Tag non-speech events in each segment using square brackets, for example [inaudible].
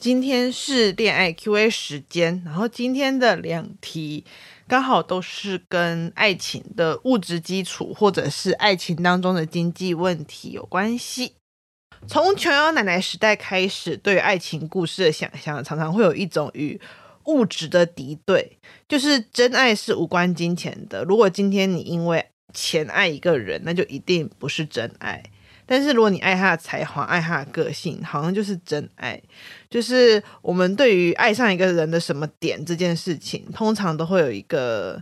今天是戀愛 QA 時間，然後今天的兩題剛好都是跟愛情的物質基礎，或者是愛情當中的經濟問題有關係。從瓊瑤奶奶時代開始，對愛情故事的想象，常常會有一種與物質的敵對，就是真愛是無關金錢的。如果今天你因為錢愛一個人，那就一定不是真愛。但是如果你愛他的才華，愛他的個性，好像就是真愛。就是我們對於愛上一個人的什麼點這件事情，通常都會有一個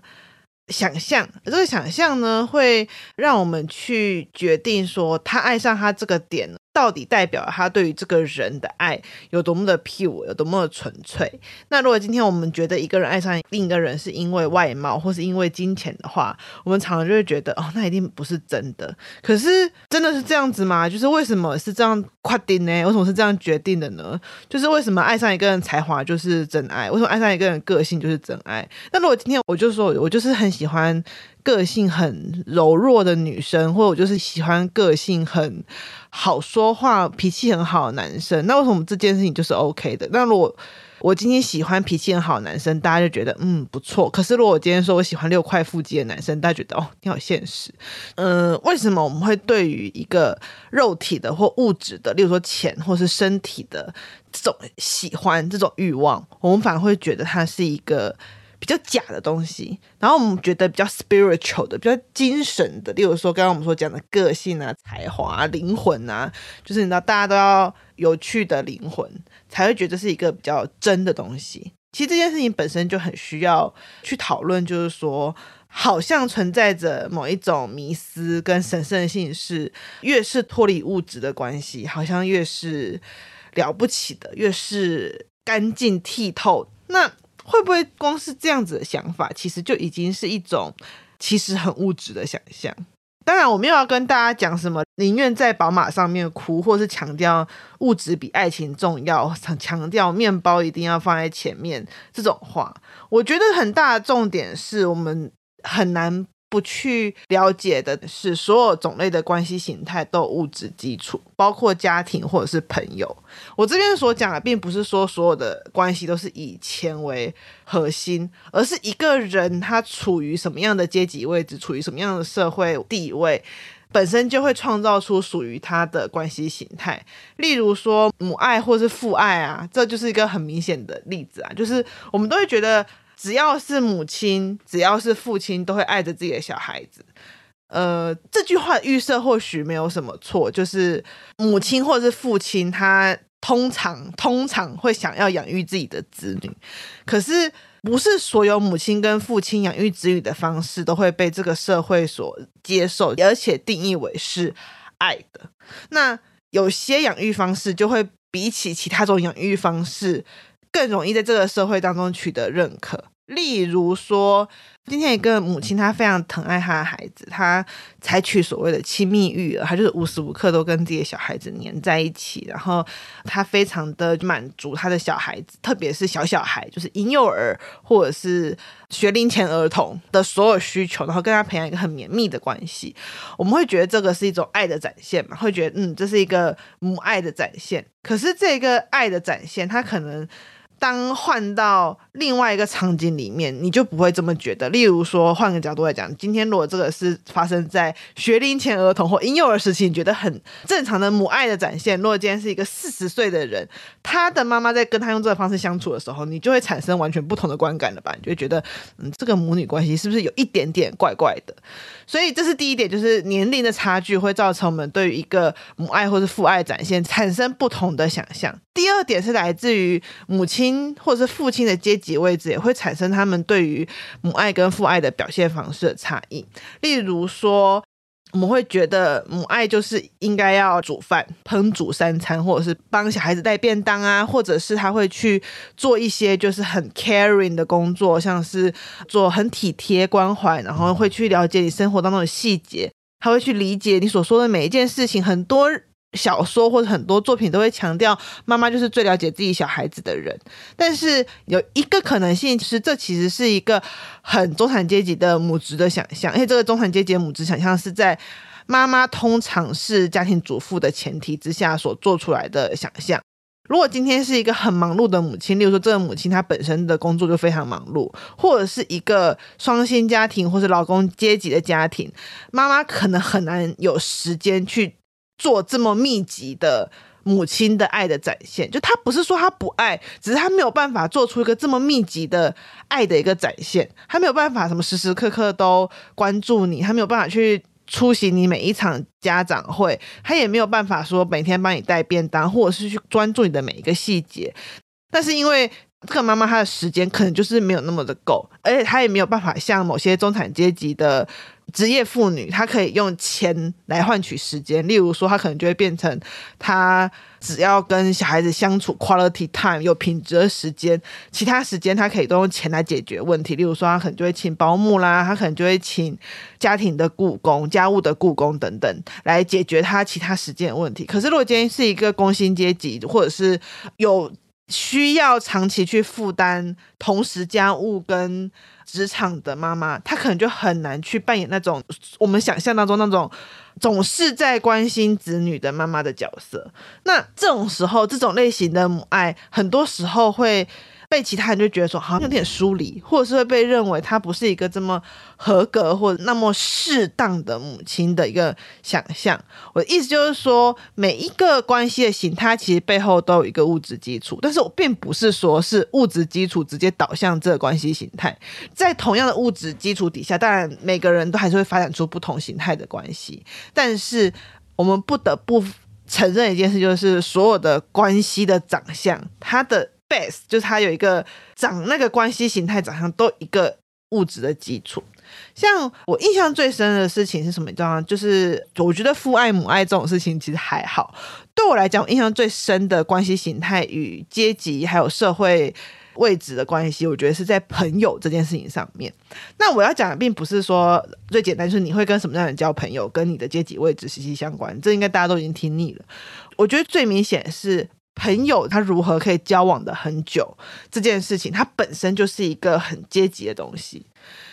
想象。這個想象呢，會讓我們去決定說，他愛上他這個點。到底代表他對於這個人的愛有多麼的 pure，有多麼的純粹？那如果今天我們覺得一個人愛上另一個人是因為外貌，或是因為金錢的話，我們常常就會覺得哦，那一定不是真的。可是真的是這樣子嗎？就是為什麼是這樣決定呢？為什麼是這樣決定的呢？就是為什麼愛上一個人才華就是真愛？為什麼愛上一個人個性就是真愛？那如果今天我就說，我就是很喜歡。個性很柔弱的女生，或者我就是喜歡個性很好說話、脾氣很好的男生，那為什麼這件事情就是 OK 的？那如果我今天喜歡脾氣很好的男生，大家就覺得嗯，不錯。可是如果我今天說我喜歡六塊腹肌的男生，大家覺得哦，你好現實。嗯、呃，為什麼我們會對於一個肉體的或物質的，例如說錢或是身體的這種喜歡、這種慾望，我們反而會覺得他是一個？比較假的東西，然後我們覺得比較 spiritual 的、比較精神的，例如說剛剛我們所講的個性啊、才華啊、靈魂啊，就是你知道大家都要有趣的靈魂，才會覺得是一個比較真的東西。其實這件事情本身就很需要去討論，就是說好像存在着某一種迷思跟神聖性，是越是脫離物質的關係，好像越是了不起的，越是乾淨剔透。那會不會光是這樣子的想法，其實就已經是一種其實很物質的想象？當然，我沒有要跟大家講什麼寧願在寶馬上面哭，或是強調物質比愛情重要，強調麵包一定要放在前面這種話。我覺得很大的重點是我們很難，不去了解的是，所有種類的關係形態都有物質基礎，包括家庭或者是朋友。我這邊所講的，並不是說所有的關係都是以錢為核心，而是一個人他處於什麼樣的階級位置，處於什麼樣的社會地位，本身就會創造出屬於他的關係形態。例如說母愛或是父愛啊，這就是一個很明顯的例子啊，就是我們都會覺得。只要是母親，只要是父親，都會愛着自己的小孩子。呃，這句話預設或許沒有什麼錯，就是母親或是父親，他通常通常會想要養育自己的子女。可是，不是所有母親跟父親養育子女的方式都會被這個社會所接受，而且定義為是愛的。那有些養育方式就會比起其他種養育方式。最容易在這個社會當中取得認可。例如說，今天一個母親，她非常疼愛她的孩子，她採取所謂的親密育兒，她就是無時無刻都跟自己的小孩子黏在一起，然後她非常的滿足他的小孩子，特別是小小孩，就是嬰幼兒或者是學齡前兒童的所有需求，然後跟他培養一個很綿密的關係。我們會覺得這個是一種愛的展現嘛？會覺得嗯，這是一個母愛的展現。可是這個愛的展現，他可能。當換到另外一個場景裡面，你就不會這麼覺得。例如說，換個角度來講，今天如果這個是發生在學齡前兒童或嬰幼兒時期，你覺得很正常的母愛的展現；如果今天是一個四十歲的人，他的媽媽在跟他用這個方式相處的時候，你就會產生完全不同的觀感了吧？你就會覺得，嗯，這個母女關係是不是有一點點怪怪的？所以這是第一點，就是年齡的差距會造成我們對於一個母愛或是父愛展現產生不同的想象。第二點是來自於母親。或者是父親的階級位置，也會產生他們對於母愛跟父愛的表現方式的差異。例如說，我們會覺得母愛就是應該要煮飯、烹煮三餐，或者是幫小孩子帶便當啊，或者是他會去做一些就是很 caring 的工作，像是做很體貼關懷，然後會去了解你生活當中的細節，他會去理解你所說的每一件事情。很多。小說或者很多作品都會強調，媽媽就是最了解自己小孩子的人。但是有一個可能性是，是這其實是一個很中產階級的母職的想象，因為這個中產階級的母職想象是在媽媽通常是家庭主婦的前提之下所做出來的想象。如果今天是一個很忙碌的母親，例如說這個母親她本身的工作就非常忙碌，或者是一個雙薪家庭或者勞工階級的家庭，媽媽可能很難有時間去。做這麼密集的母親的愛的展現，就他不是說他不愛，只是他沒有辦法做出一個這麼密集的愛的一個展現。他沒有辦法什麼時時刻刻都關注你，他沒有辦法去出席你每一場家長會，他也沒有辦法說每天幫你帶便當，或者是去專注你的每一個細節。但是因為這個媽媽，她的時間可能就是沒有那麼的夠，而且她也沒有辦法像某些中產階級的。職業婦女，她可以用錢來換取時間。例如說，她可能就會變成，她只要跟小孩子相處 quality time，有品質的時間，其他時間她可以都用錢來解決問題。例如說，她可能就會請保姆啦，她可能就會請家庭的僱工、家務的僱工等等來解決她其他時間的問題。可是，如果今天是一個工薪階級，或者是有。需要長期去負擔同時家務跟職場的媽媽，她可能就很難去扮演那種我們想象當中那種總是在關心子女的媽媽的角色。那這種時候，這種類型的母愛，很多時候會。被其他人就覺得說，好像有點疏離，或者是會被認為他不是一個這麼合格或者那麼適當的母親的一個想象我的意思就是說，每一個關係的形態其實背後都有一個物質基礎，但是我並不是說是物質基礎直接導向這個關係形態。在同樣的物質基礎底下，當然每個人都還是會發展出不同形態的關係。但是我們不得不承認一件事，就是所有的關係的長相，它的。base 就是它有一個長那個關係形態長相都一個物質的基礎。像我印象最深的事情是什麼，你知道嗎？就是我覺得父愛母愛這種事情其實還好。對我來講，我印象最深的關係形態與階級還有社會位置的關係，我覺得是在朋友這件事情上面。那我要講的並不是說最簡單就是你會跟什麼樣的人交朋友，跟你的階級位置息息相關。這應該大家都已經聽膩了。我覺得最明顯的是。朋友他如何可以交往的很久這件事情，它本身就是一個很階級的東西。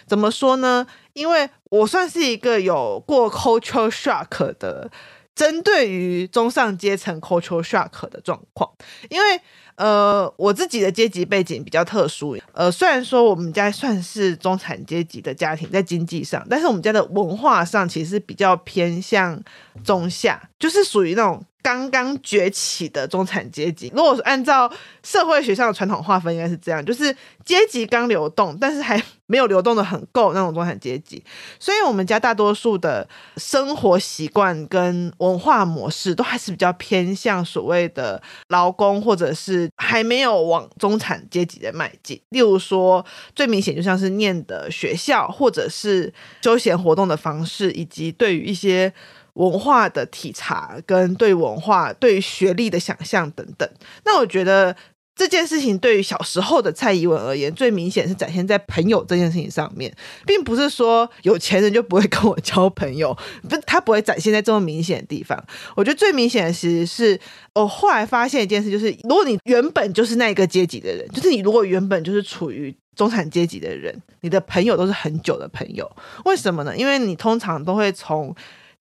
怎麼說呢？因為我算是一個有過 cultural shock 的，針對於中上階層 cultural shock 的狀況。因為呃，我自己的階級背景比較特殊。呃，雖然說我們家算是中產階級的家庭，在經濟上，但是我們家的文化上其實比較偏向中下，就是屬於那種。剛剛崛起的中產階級，如果是按照社會學上的傳統劃分，應該是這樣，就是階級剛流動，但是還沒有流動得很夠那種中產階級。所以，我們家大多數的生活習慣跟文化模式都還是比較偏向所謂的勞工，或者是還沒有往中產階級的邁進。例如說，最明顯就像是念的學校，或者是休閒活動的方式，以及對於一些。文化的體察跟對文化、對學歷的想象等等，那我覺得這件事情對於小時候的蔡宜文而言，最明顯是展現在朋友這件事情上面，並不是說有錢人就不會跟我交朋友，不，他不會展現在這麼明顯的地方。我覺得最明顯的其實是，我後來發現一件事，就是如果你原本就是那個階級的人，就是你如果原本就是處於中產階級的人，你的朋友都是很久的朋友，為什麼呢？因為你通常都會從。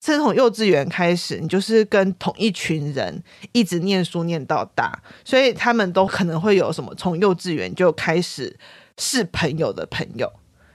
是從幼稚園開始，你就是跟同一群人一直念書念到大，所以他們都可能會有什麼，從幼稚園就開始是朋友的朋友。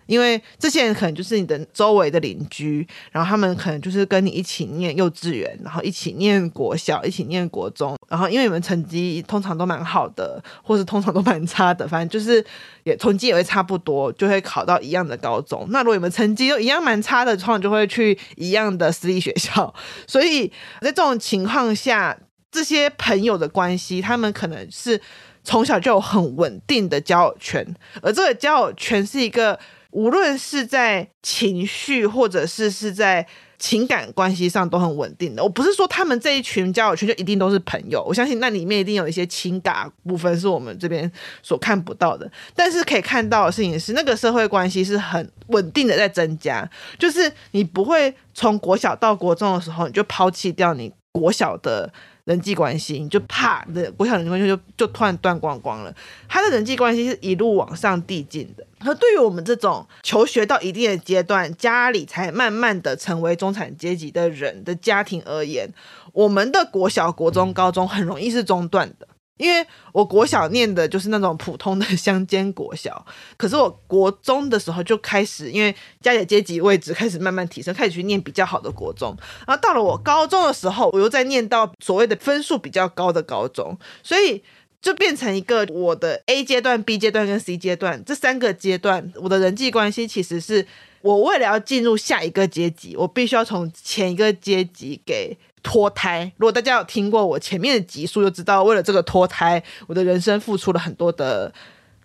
因為這些人可能就是你的周圍的鄰居，然後他們可能就是跟你一起念幼稚園，然後一起念國小，一起念國中，然後因為你們成績通常都蠻好的，或是通常都蠻差的，反正就是也成績也會差不多，就會考到一樣的高中。那如果你們成績又一樣蠻差的，通常就會去一樣的私立學校。所以在這種情況下，這些朋友的關係，他們可能是從小就有很穩定的交友圈，而這個交友圈是一個。無論是在情緒，或者是是在情感關係上，都很穩定的。我不是說他們這一群交友圈就一定都是朋友，我相信那裡面一定有一些情感部分是我們這邊所看不到的。但是可以看到的事情是，那個社會關係是很穩定的在增加，就是你不會從國小到國中的時候，你就拋棄掉你國小的。人際關係，你就怕你的國小人際關係就就突然斷光光了，他的人際關係是一路往上遞進的。那對於我們這種求學到一定的階段，家裡才慢慢的成為中產階級的人的家庭而言，我們的國小、國中、高中很容易是中斷的。因為我國小念的就是那種普通的鄉間國小，可是我國中的時候就開始，因為家裡的階級位置開始慢慢提升，開始去念比較好的國中，然後到了我高中的時候，我又在念到所謂的分數比較高的高中，所以就變成一個我的 A 階段、B 階段跟 C 階段這三個階段，我的人際關係其實是。我為了要進入下一個階級，我必須要從前一個階級給脫胎。如果大家有聽過我前面的集數，就知道為了這個脫胎，我的人生付出了很多的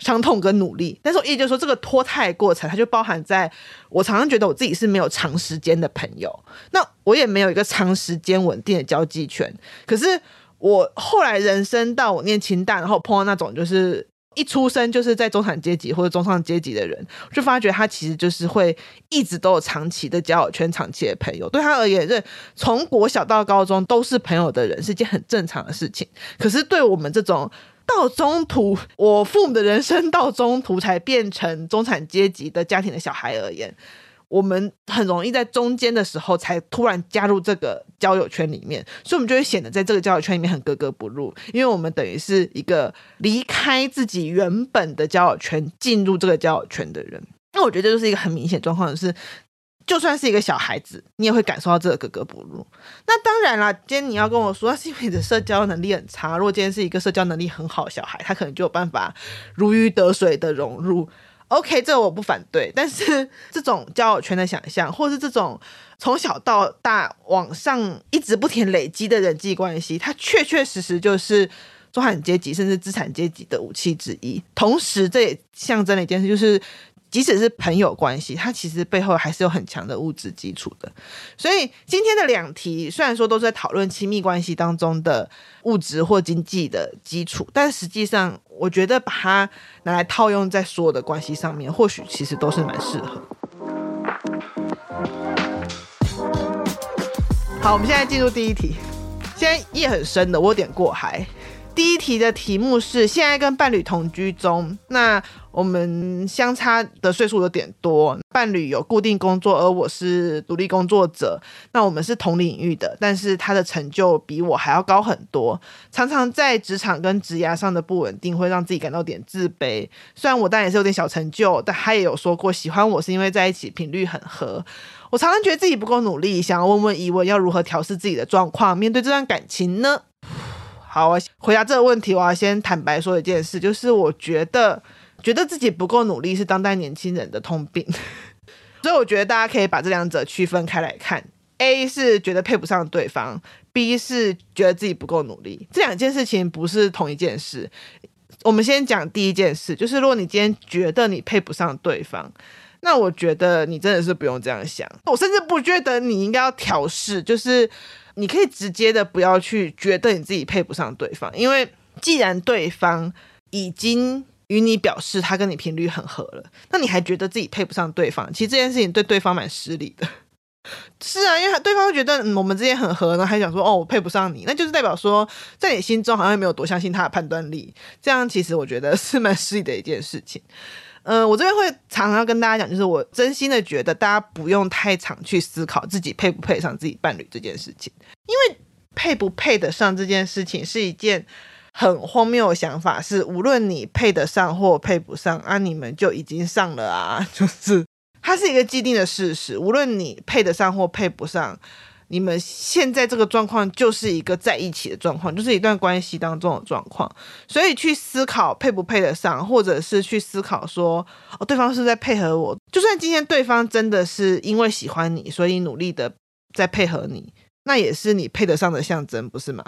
傷痛跟努力。但是我意思就是說，這個脫胎的過程，它就包含在我常常覺得我自己是沒有長時間的朋友，那我也沒有一個長時間穩定的交際圈。可是我後來人生到我念清大，然後碰到那種就是。一出生就是在中產階級或者中上階級的人，就發覺他其實就是會一直都有長期的交友圈、長期的朋友。對他而言，這從國小到高中都是朋友的人是一件很正常的事情。可是對我們這種到中途，我父母的人生到中途才變成中產階級的家庭的小孩而言，我們很容易在中間的時候才突然加入這個交友圈裡面，所以我們就會顯得在這個交友圈裡面很格格不入，因為我們等於是一個離開自己原本的交友圈進入這個交友圈的人。那我覺得這就是一個很明顯的狀況，是就算是一個小孩子，你也會感受到這個格格不入。那當然啦，今天你要跟我說，是因為你的社交能力很差。如果今天是一個社交能力很好的小孩，他可能就有辦法如魚得水的融入。OK，這我不反對，但是這種交友圈的想象，或者是這種從小到大往上一直不停累積的人際關係，它確確實實就是中產階級甚至資產階級的武器之一。同時，這也象徵了一件事，就是。即使是朋友關係，它其實背後還是有很強的物質基礎的。所以今天的兩題雖然說都是在討論親密關係當中的物質或經濟的基礎，但是實際上我覺得把它拿來套用在所有的關係上面，或許其實都是蠻適合。好，我們現在進入第一題。現在夜很深的，我有點過嗨。第一題的題目是：現在跟伴侶同居中，那。我們相差的歲數有點多，伴侶有固定工作，而我是獨立工作者。那我們是同領域的，但是他的成就比我還要高很多。常常在職場跟職涯上的不穩定，會讓自己感到點自卑。雖然我當然也是有點小成就，但他也有說過喜歡我是因為在一起頻率很合。我常常覺得自己不夠努力，想要問問宜文，要如何調試自己的狀況，面對這段感情呢？好，啊，回答這個問題，我要先坦白說一件事，就是我覺得。覺得自己不夠努力是當代年輕人的通病， [laughs] 所以我覺得大家可以把這兩者區分開來看。A 是覺得配不上對方，B 是覺得自己不夠努力，這兩件事情不是同一件事。我們先講第一件事，就是如果你今天覺得你配不上對方，那我覺得你真的是不用這樣想。我甚至不覺得你應該要調適，就是你可以直接的不要去覺得你自己配不上對方，因為既然對方已經。與你表示他跟你頻率很合了，那你還覺得自己配不上對方？其實這件事情對對方蠻失禮的。是啊，因為對方會覺得、嗯、我們之間很合，然後還想說哦，我配不上你，那就是代表說在你心中好像也沒有多相信他的判斷力。這樣其實我覺得是蠻失禮的一件事情。呃，我這邊會常常要跟大家講，就是我真心的覺得大家不用太常去思考自己配不配上自己伴侶這件事情，因為配不配得上這件事情是一件很荒謬的想法是，無論你配得上或配不上，啊，你們就已經上了啊！就是它是一個既定的事實，無論你配得上或配不上，你們現在這個狀況就是一個在一起的狀況，就是一段關係當中的狀況。所以去思考配不配得上，或者是去思考說，哦，對方是在配合我，就算今天對方真的是因為喜歡你，所以努力的在配合你，那也是你配得上的象徵，不是嗎？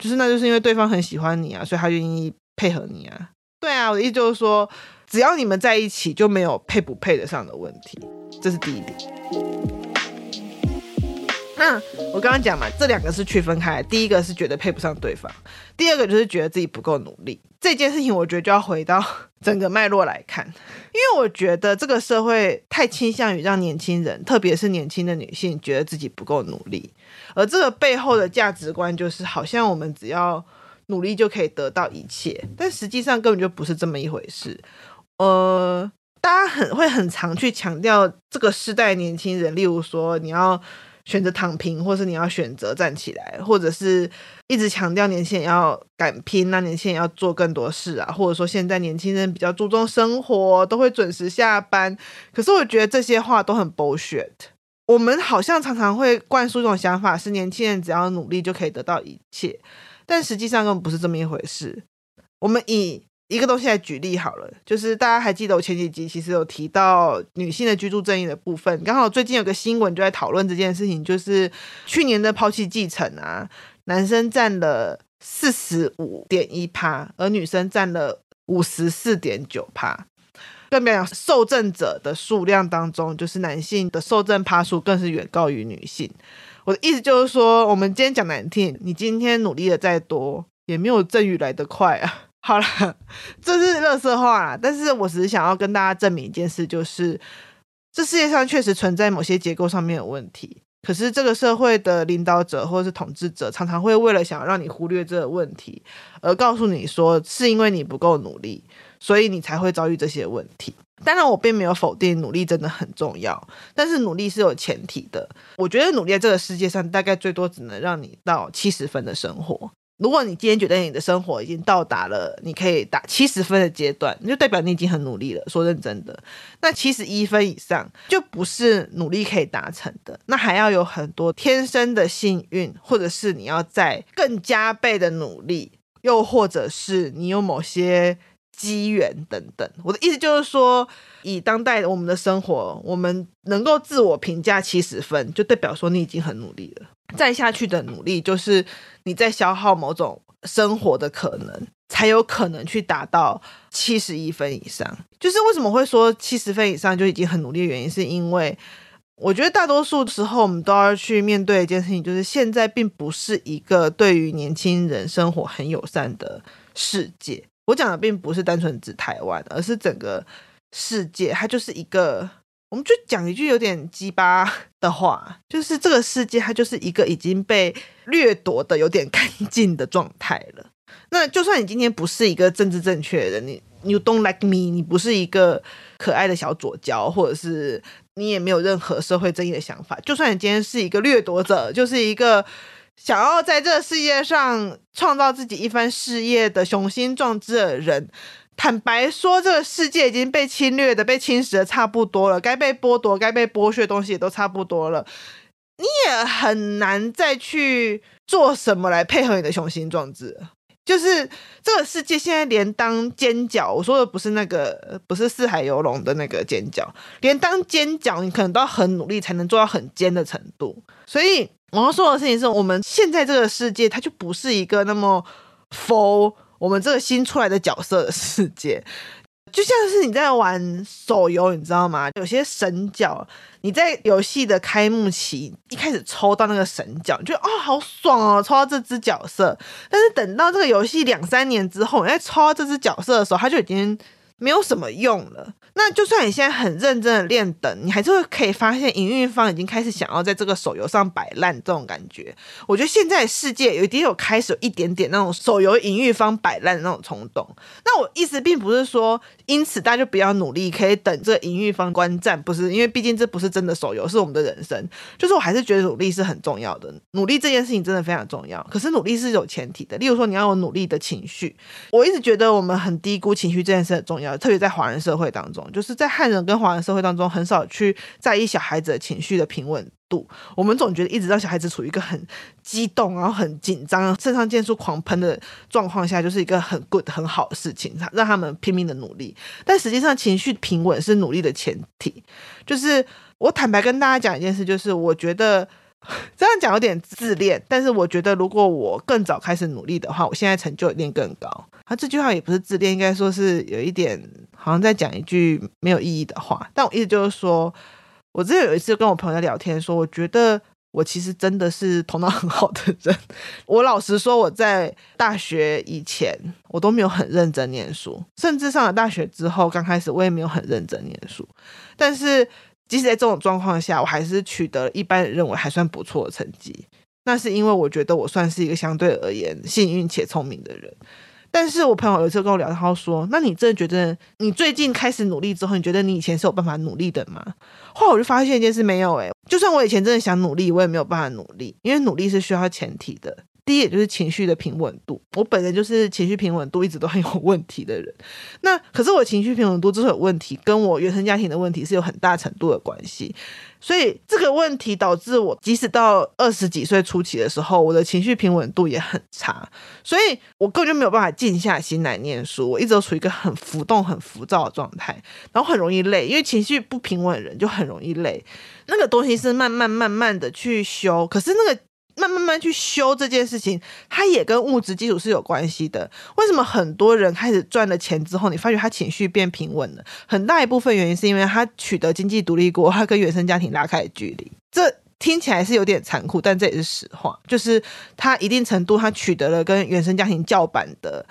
就是，那就是因為對方很喜歡你啊，所以他願意配合你啊。對啊，我的意思就是說，只要你們在一起，就沒有配不配得上的問題。這是第一點。那、嗯、我剛剛講嘛，這兩個是區分開。第一個是覺得配不上對方，第二個就是覺得自己不夠努力。這件事情，我覺得就要回到整個脈絡來看，因為我覺得這個社會太傾向於讓年輕人，特別是年輕的女性，覺得自己不夠努力。而這個背後的價值觀就是，好像我們只要努力就可以得到一切，但實際上根本就不是這麼一回事。呃，大家很會很常去強調這個世代年輕人，例如說你要選擇躺平，或是你要選擇站起來，或者是一直強調年輕人要敢拼、啊，那年輕人要做更多事啊，或者說現在年輕人比較注重生活，都會準時下班。可是我覺得這些話都很 bullshit。我們好像常常會灌輸一種想法，是年輕人只要努力就可以得到一切，但實際上根本不是這麼一回事。我們以一個東西來舉例好了，就是大家還記得我前幾集其實有提到女性的居住正義的部分，剛好最近有個新聞就在討論這件事情，就是去年的拋棄繼承啊，男生占了四十五點一趴，而女生占了五十四點九趴。更沒有受贈者的數量當中，就是男性的受贈趴數更是遠高於女性。我的意思就是說，我們今天講難聽，你今天努力的再多，也沒有贈與來得快啊。好了，這是垃圾話，但是我只是想要跟大家證明一件事，就是這世界上確實存在某些結構上面的問題。可是這個社會的領導者或者是統治者，常常會為了想要讓你忽略這個問題，而告訴你說，是因為你不夠努力。所以你才會遭遇這些問題。當然，我並沒有否定努力真的很重要，但是努力是有前提的。我覺得努力在這個世界上大概最多只能讓你到七十分的生活。如果你今天覺得你的生活已經到達了你可以打七十分的階段，你就代表你已經很努力了。說認真的，那七十一分以上就不是努力可以達成的，那還要有很多天生的幸運，或者是你要再更加倍的努力，又或者是你有某些。機緣等等，我的意思就是說，以當代我們的生活，我們能夠自我評價七十分，就代表說你已經很努力了。再下去的努力，就是你在消耗某種生活的可能，才有可能去達到七十一分以上。就是為什麼會說七十分以上就已經很努力的原因，是因為我覺得大多數時候我們都要去面對一件事情，就是現在並不是一個對於年輕人生活很友善的世界。我講的並不是單純指台灣，而是整個世界。它就是一個，我們就講一句有點雞巴的話，就是這個世界它就是一個已經被掠奪的有點乾淨的狀態了。那就算你今天不是一個政治正確的人，你，You don't like me，你不是一個可愛的小左膠，或者是你也沒有任何社會正義的想法，就算你今天是一個掠奪者，就是一個。想要在這個世界上創造自己一番事業的雄心壯志的人，坦白說，這個世界已經被侵略的、被侵蝕的差不多了，該被剝奪、該被剝削的東西也都差不多了，你也很難再去做什麼來配合你的雄心壯志。就是這個世界現在連當尖角，我說的不是那個，不是四海遊龍的那個煎餃，連當尖角，你可能都要很努力才能做到很尖的程度，所以。我要說的事情是我們現在這個世界，它就不是一個那麼 for 我們這個新出來的角色的世界，就像是你在玩手遊，你知道嗎？有些神角，你在遊戲的開幕期一開始抽到那個神角，你覺得哦好爽哦，抽到這隻角色，但是等到這個遊戲兩三年之後，你再抽到這隻角色的時候，它就已經沒有什麼用了。那就算你現在很認真的練等，你還是會可以發現營運方已經開始想要在這個手遊上擺爛這種感覺。我覺得現在世界有一點有開始有一點點那種手遊營運方擺爛的那種衝動。那我意思並不是說因此大家就不要努力，可以等這個營運方觀戰，不是，因為畢竟這不是真的手遊，是我們的人生。就是我還是覺得努力是很重要的，努力這件事情真的非常的重要。可是努力是有前提的，例如說你要有努力的情緒。我一直覺得我們很低估情緒這件事很重要，特別在華人社會當中。就是在漢人跟華人社會當中，很少去在意小孩子的情緒的平穩度。我們總覺得一直讓小孩子處於一個很激動、然後很緊張、腎上腺素狂噴的狀況下，就是一個很 good 很好的事情，讓他們拼命的努力。但實際上，情緒平穩是努力的前提。就是我坦白跟大家講一件事，就是我覺得。這樣講有點自戀，但是我覺得如果我更早開始努力的話，我現在成就一定更高。他這句話也不是自戀，應該說是有一點，好像在講一句沒有意義的話。但我意思就是說，我之前有一次跟我朋友聊天說，說我覺得我其實真的是頭腦很好的人。我老實說，我在大學以前我都沒有很認真念書，甚至上了大學之後，剛開始我也沒有很認真念書，但是。即使在這種狀況下，我還是取得了一般人認為還算不錯的成績。那是因為我覺得我算是一個相對而言幸運且聰明的人。但是，我朋友有一次跟我聊，他說：“那你真的覺得你最近開始努力之後，你覺得你以前是有辦法努力的嗎？”後來我就發現一件事，沒有誒、欸，就算我以前真的想努力，我也沒有辦法努力，因為努力是需要前提的。第一，也就是情緒的平穩度，我本人就是情緒平穩度一直都很有問題的人。那可是我情緒平穩度之所以有問題，跟我原生家庭的問題是有很大程度的關係。所以這個問題導致我，即使到二十幾歲初期的時候，我的情緒平穩度也很差。所以我根本就沒有辦法靜下心來念書，我一直都處於一個很浮動、很浮躁的狀態，然後很容易累，因為情緒不平穩，人就很容易累。那個東西是慢慢、慢慢的去修，可是那個。慢慢慢去修這件事情，它也跟物質基礎是有關係的。為什麼很多人開始賺了錢之後，你發覺他情緒變平穩了？很大一部分原因是因為他取得經濟獨立過，他跟原生家庭拉開的距離。這聽起來是有點殘酷，但這也是實話。就是他一定程度他取得了跟原生家庭叫板的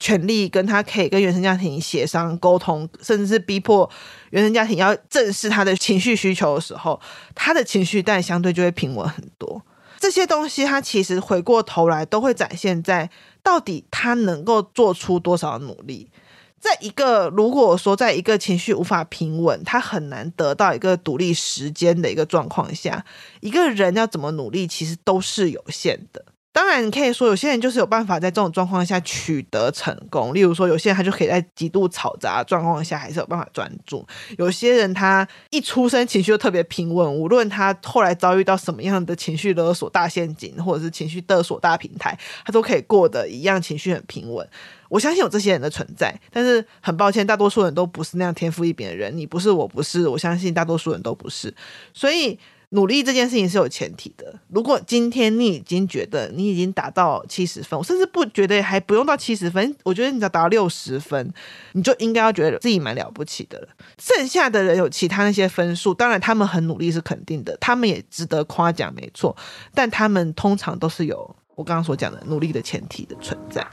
權利，跟他可以跟原生家庭協商溝通，甚至是逼迫原生家庭要正視他的情緒需求的時候，他的情緒但相對就會平穩很多。這些東西，他其實回過頭來都會展現在到底他能夠做出多少努力，在一個如果說在一個情緒無法平穩，他很難得到一個獨立時間的一個狀況下，一個人要怎麼努力，其實都是有限的。當然，你可以說有些人就是有辦法在這種狀況下取得成功。例如說，有些人他就可以在極度吵雜狀況下還是有辦法專注；有些人他一出生情緒就特別平穩，無論他後來遭遇到什麼樣的情緒勒索大陷阱，或者是情緒勒索大平台，他都可以過得一樣情緒很平穩。我相信有這些人的存在，但是很抱歉，大多數人都不是那樣天賦異稟的人。你不是，我不是，我相信大多數人都不是。所以。努力這件事情是有前提的。如果今天你已經覺得你已經達到七十分，我甚至不覺得還不用到七十分，我覺得你只要達到六十分，你就應該要覺得自己蠻了不起的了。剩下的人有其他那些分數，當然他們很努力是肯定的，他們也值得誇獎，沒錯。但他們通常都是有我剛剛所講的努力的前提的存在。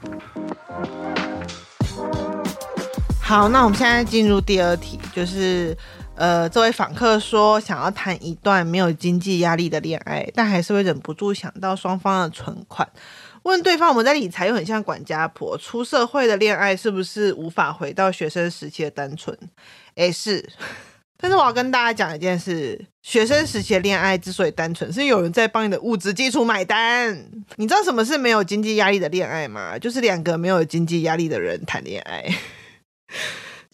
好，那我們現在進入第二題，就是。呃，這位訪客說想要談一段沒有經濟壓力的戀愛，但還是會忍不住想到雙方的存款。問對方，我們在理財又很像管家婆。出社會的戀愛是不是無法回到學生時期的單純？誒，是。但是我要跟大家講一件事：學生時期的戀愛之所以單純，是有人在幫你的物質基礎買單。你知道什麼是沒有經濟壓力的戀愛嗎？就是兩個沒有經濟壓力的人談戀愛。 [laughs]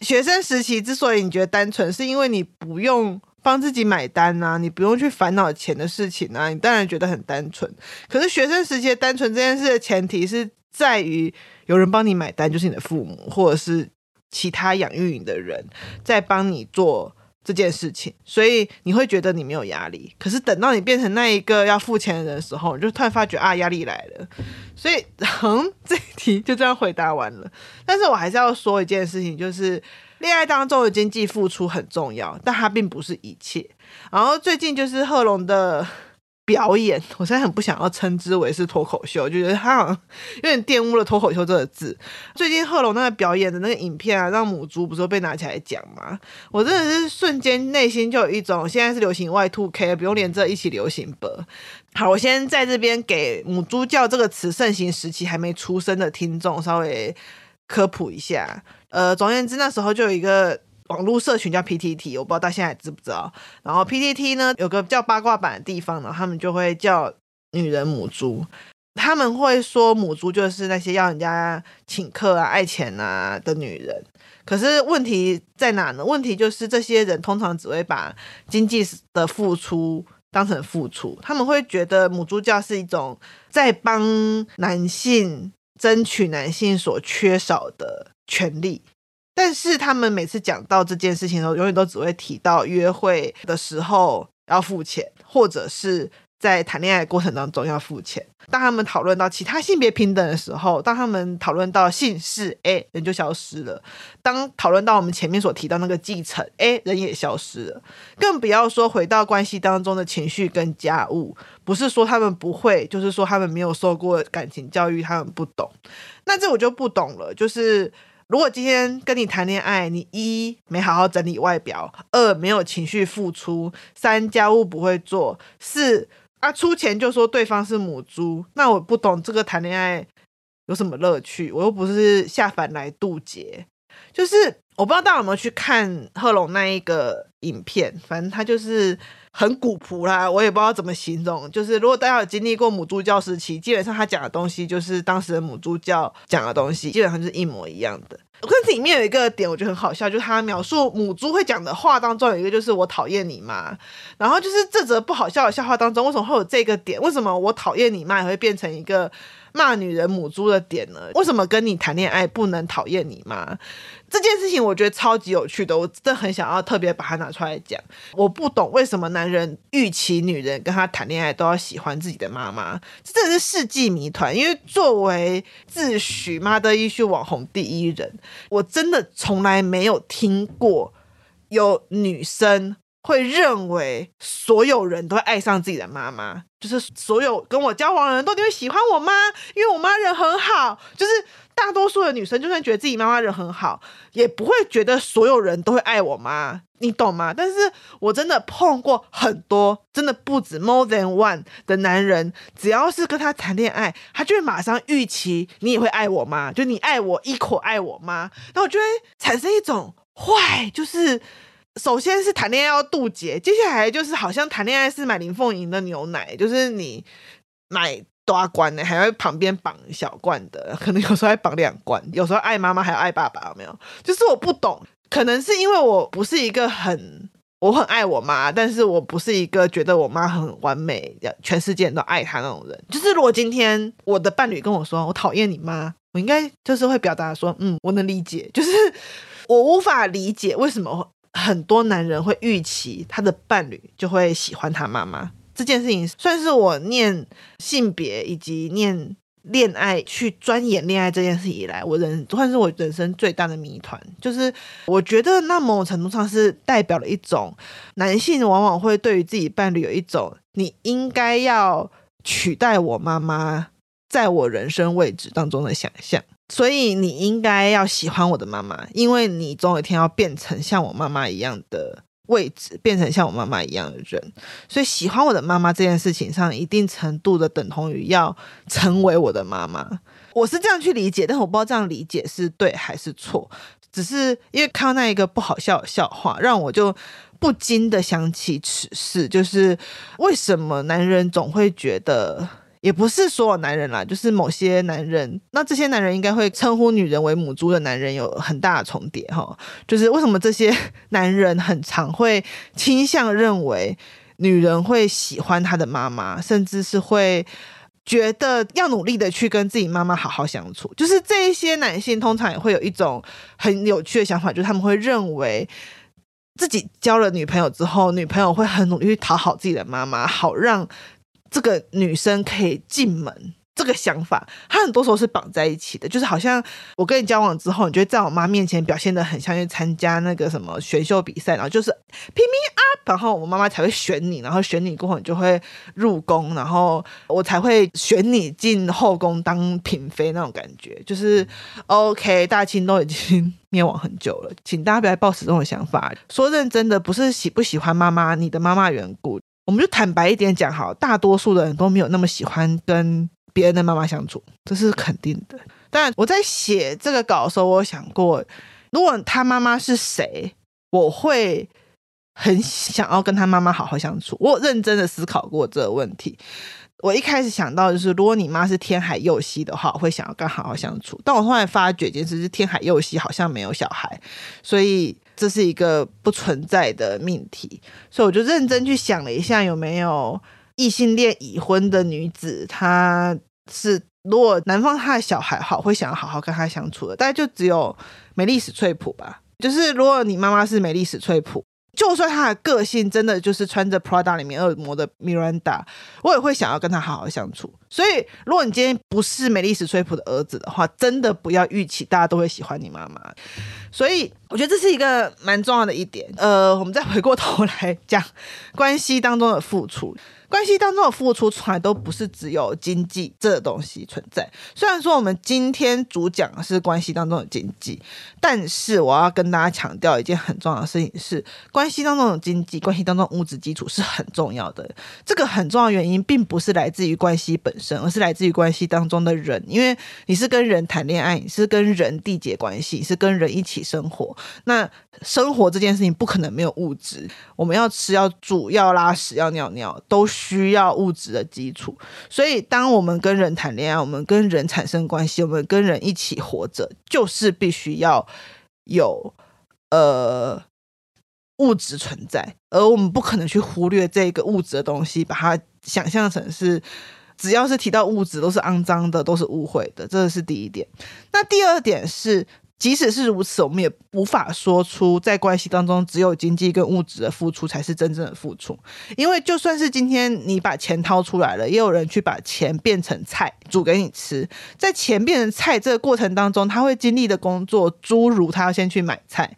學生時期之所以你覺得單純，是因為你不用幫自己買單呐、啊，你不用去煩惱錢的事情啊，你當然覺得很單純。可是學生時期的單純這件事的前提是在於有人幫你買單，就是你的父母或者是其他養育你的人在幫你做。這件事情，所以你會覺得你沒有壓力。可是等到你變成那一個要付錢的人的時候，你就突然發覺啊，壓力來了。所以，嗯，這一題就這樣回答完了。但是我還是要說一件事情，就是戀愛當中的經濟付出很重要，但它並不是一切。然後最近就是賀龍的。表演，我現在很不想要稱之為是脫口秀，就覺得他好像有點玷污了脫口秀這個字。最近賀龍那個表演的那個影片啊，讓母豬不是被拿起來講嗎？我真的是瞬間內心就有一種，現在是流行 Y two K，不用連著一起流行吧。好，我先在這邊給“母豬教”這個詞盛行時期還沒出生的聽眾稍微科普一下。呃，總而言之，那時候就有一個。網絡社群叫 PTT，我不知道大家現在還知不知道。然後 PTT 呢，有個叫八卦版的地方呢，他們就會叫女人母豬。他們會說母豬就是那些要人家請客啊、愛錢啊的女人。可是問題在哪呢？問題就是這些人通常只會把經濟的付出當成付出，他們會覺得母豬教是一種在幫男性爭取男性所缺少的權利。但是他們每次講到這件事情的時候，永遠都只會提到約會的時候要付錢，或者是在談戀愛的過程當中要付錢。當他們討論到其他性別平等的時候，當他們討論到姓氏，哎、欸，人就消失了；當討論到我們前面所提到那個繼承，哎、欸，人也消失了。更不要說回到關係當中的情緒跟家務，不是說他們不會，就是說他們沒有受過感情教育，他們不懂。那這我就不懂了，就是。如果今天跟你談戀愛，你一沒好好整理外表，二沒有情緒付出，三家務不會做，四啊出錢就說對方是母豬，那我不懂這個談戀愛有什麼樂趣？我又不是下凡來渡劫，就是。我不知道大家有沒有去看賀瓏那一個影片，反正他就是很古樸啦，我也不知道怎麼形容。就是如果大家有經歷過母豬教時期，基本上他講的東西就是當時的母豬教講的東西，基本上就是一模一樣的。我看這裡面有一個點，我覺得很好笑，就是他描述母豬會講的話當中有一個就是“我討厭你媽”，然後就是這則不好笑的笑話當中，為什麼會有這個點？為什麼“我討厭你媽”也會變成一個罵女人母豬的點呢？為什麼跟你談戀愛不能討厭你媽？這件事情我覺得超級有趣的，我真的很想要特別把它拿出來講。我不懂為什麼男人預期女人跟他談戀愛都要喜歡自己的媽媽，這真的是世紀謎團。因為作為自詡媽的優秀網紅第一人，我真的從來沒有聽過有女生。會認為所有人都會愛上自己的媽媽，就是所有跟我交往的人都一定會喜歡我媽，因為我媽人很好。就是大多數的女生，就算覺得自己媽媽人很好，也不會覺得所有人都會愛我媽，你懂嗎？但是我真的碰過很多，真的不止 more than one 的男人，只要是跟他談戀愛，他就會馬上預期你也會愛我媽，就你愛我，一口愛我媽，那我就會產生一種壞，就是。首先是談戀愛要渡劫，接下來就是好像談戀愛是買林鳳營的牛奶，就是你買多大罐呢？還要旁邊綁小罐的，可能有時候還綁兩罐，有時候愛媽媽還要愛爸爸，有沒有？就是我不懂，可能是因為我不是一個很我很愛我媽，但是我不是一個覺得我媽很完美，全世界人都愛她那種人。就是如果今天我的伴侶跟我說我討厭你媽，我應該就是會表達說，嗯，我能理解，就是我無法理解為什麼會。很多男人會預期他的伴侶就會喜歡他媽媽這件事情，算是我念性別以及念戀愛去鑽研戀愛這件事以來，我人算是我人生最大的謎團，就是我覺得那某種程度上是代表了一種男性往往會對於自己伴侶有一種你應該要取代我媽媽在我人生位置當中的想象。所以你應該要喜歡我的媽媽，因為你總有一天要變成像我媽媽一樣的位置，變成像我媽媽一樣的人。所以喜歡我的媽媽這件事情上，一定程度的等同於要成為我的媽媽。我是這樣去理解，但我不知道這樣理解是對還是錯。只是因為看到那一個不好笑的笑話，讓我就不禁的想起此事，就是為什麼男人總會覺得。也不是所有男人啦，就是某些男人。那這些男人應該會稱呼女人為“母豬”的男人有很大的重疊哈、哦。就是為什麼這些男人很常會傾向認為女人會喜歡他的媽媽，甚至是會覺得要努力的去跟自己媽媽好好相處。就是這一些男性通常也會有一種很有趣的想法，就是他們會認為自己交了女朋友之後，女朋友會很努力去討好自己的媽媽，好讓。這個女生可以進門，這個想法，她很多時候是綁在一起的，就是好像我跟你交往之後，你就會在我媽面前表現得很像去參加那個什麼選秀比賽，然後就是拼命啊，然後我媽媽才會選你，然後選你過後你就會入宮，然後我才會選你進後宮當嬪妃那種感覺，就是 OK。大清都已經滅亡很久了，請大家不要抱持這種想法。說認真的，不是喜不喜歡媽媽，你的媽媽的緣故。我們就坦白一點講好，大多數的人都沒有那麼喜歡跟別人的媽媽相處，這是肯定的。但我在寫這個稿的時候，我有想過，如果他媽媽是誰，我會很想要跟他媽媽好好相處。我有認真的思考過這個問題。我一開始想到就是，如果你媽是天海佑希的話，我會想要跟好好相處。但我後來發覺其實是天海佑希好像沒有小孩，所以。這是一個不存在的命題，所以我就認真去想了一下，有沒有異性戀已婚的女子，她是如果男方他的小孩好，會想要好好跟她相處的。大概就只有梅莉史翠普吧。就是如果你媽媽是梅莉史翠普，就算她的個性真的就是穿着 Prada 裡面惡魔的 Miranda，我也會想要跟她好好相處。所以，如果你今天不是梅莉史翠普的兒子的話，真的不要預期大家都會喜歡你媽媽。所以，我覺得這是一個蠻重要的一點。呃，我們再回過頭來講關係當中的付出。關係當中的付出從來都不是只有經濟這個東西存在。雖然說我們今天主講是關係當中的經濟，但是我要跟大家強調一件很重要的事情是：是關係當中的經濟，關係當中的物質基礎是很重要的。這個很重要的原因，並不是來自於關係本身。而是來自於關係當中的人，因為你是跟人談戀愛，你是跟人締結關係，是跟人一起生活。那生活這件事情不可能沒有物質，我們要吃，要煮，要拉屎，要尿尿，都需要物質的基礎。所以，當我們跟人談戀愛，我們跟人產生關係，我們跟人一起活着，就是必須要有呃物質存在，而我們不可能去忽略這個物質的東西，把它想象成是。只要是提到物質，都是骯髒的，都是誤會的，這是第一點。那第二點是，即使是如此，我們也無法說出在關係當中只有經濟跟物質的付出才是真正的付出，因為就算是今天你把錢掏出來了，也有人去把錢變成菜。煮給你吃，在錢變成菜這個過程當中，他會經歷的工作，諸如他要先去買菜，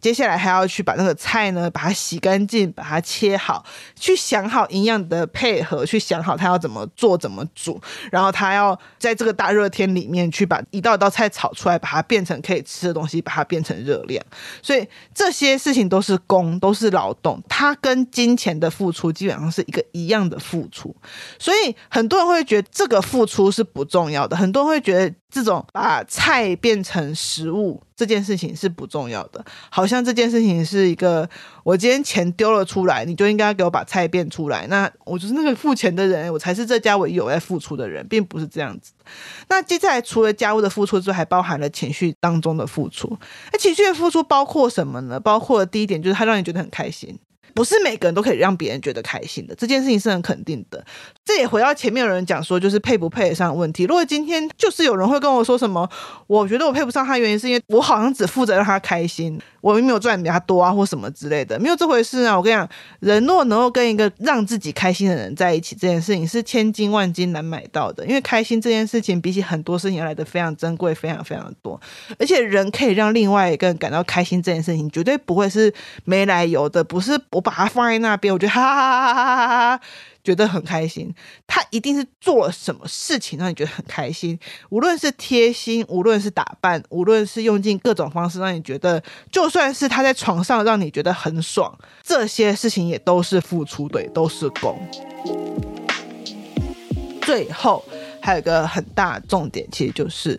接下來還要去把那個菜呢，把它洗乾淨，把它切好，去想好營養的配合，去想好他要怎麼做、怎麼煮，然後他要在這個大熱天裡面去把一道道菜炒出來，把它變成可以吃的東西，把它變成熱量。所以這些事情都是工，都是勞動，他跟金錢的付出基本上是一個一樣的付出，所以很多人會覺得這個付出，是不重要的，很多人會覺得這種把菜變成食物這件事情是不重要的，好像這件事情是一個我今天錢丟了出來，你就應該給我把菜變出來。那我就是那個付錢的人，我才是這家唯一有在付出的人，並不是這樣子。那接下來除了家務的付出之外，還包含了情緒當中的付出。啊、情緒的付出包括什麼呢？包括的第一點就是它讓你覺得很開心。不是每個人都可以讓別人覺得開心的，這件事情是很肯定的。這也回到前面有人講說，就是配不配得上的問題。如果今天就是有人會跟我說什麼，我覺得我配不上他，原因是因為我好像只負責讓他開心，我並沒有賺比他多啊，或什麼之類的，沒有這回事啊。我跟你講，人若能夠跟一個讓自己開心的人在一起，這件事情是千金萬金難買到的，因為開心這件事情比起很多事情要來的非常珍貴，非常非常多。而且人可以讓另外一個人感到開心，這件事情絕對不會是沒來由的，不是。我把它放在那邊，我覺得哈哈哈哈哈哈，覺得很開心。他一定是做了什麼事情讓你覺得很開心，無論是貼心，無論是打扮，無論是用盡各種方式讓你覺得，就算是他在床上讓你覺得很爽，這些事情也都是付出對，都是功。最後還有一個很大的重點，其實就是，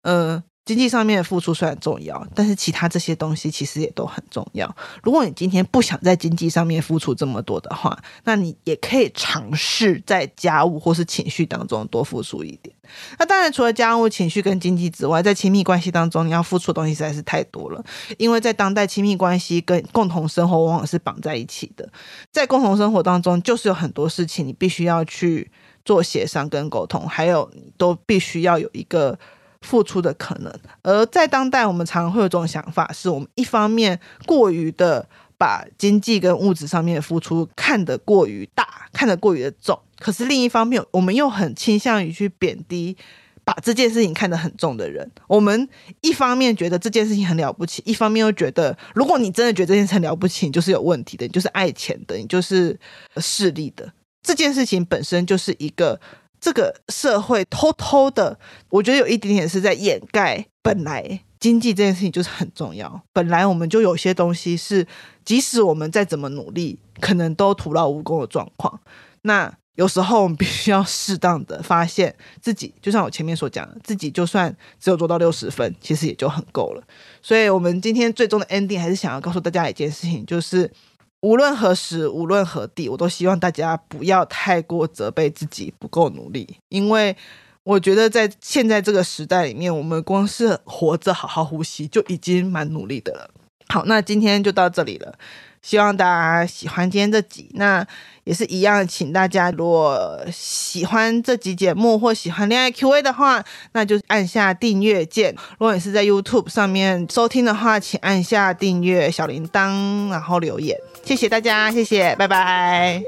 嗯、呃。經濟上面的付出雖然重要，但是其他這些東西其實也都很重要。如果你今天不想在經濟上面付出這麼多的話，那你也可以嘗試在家務或是情緒當中多付出一點。那當然，除了家務、情緒跟經濟之外，在親密關係當中，你要付出的東西實在是太多了。因為在當代，親密關係跟共同生活往往是綁在一起的。在共同生活當中，就是有很多事情你必須要去做協商跟溝通，還有你都必須要有一個。付出的可能，而在當代，我們常會有這種想法，是我們一方面過於的把經濟跟物質上面的付出看得過於大，看得過於的重，可是另一方面，我們又很傾向於去貶低把這件事情看得很重的人。我們一方面覺得這件事情很了不起，一方面又覺得，如果你真的覺得這件事情很了不起，你就是有問題的，你就是愛錢的，你就是勢利的。這件事情本身就是一個。這個社會偷偷的，我覺得有一點點是在掩蓋本來經濟這件事情就是很重要。本來我們就有些東西是，即使我們再怎麼努力，可能都徒勞無功的狀況。那有時候我們必須要適當的發現自己，就像我前面所講的，自己就算只有做到六十分，其實也就很夠了。所以我們今天最終的 ending 還是想要告訴大家一件事情，就是。無論何時，無論何地，我都希望大家不要太過責備自己不夠努力，因為我覺得在現在這個時代裡面，我們光是活着、好好呼吸就已經蠻努力的了。好，那今天就到這裡了，希望大家喜歡今天這集。那也是一樣，請大家如果喜歡這集節目或喜歡戀愛 QA 的話，那就按下訂閱鍵。如果你是在 YouTube 上面收聽的話，請按下訂閱小鈴鐺，然後留言。謝謝大家，謝謝，拜拜。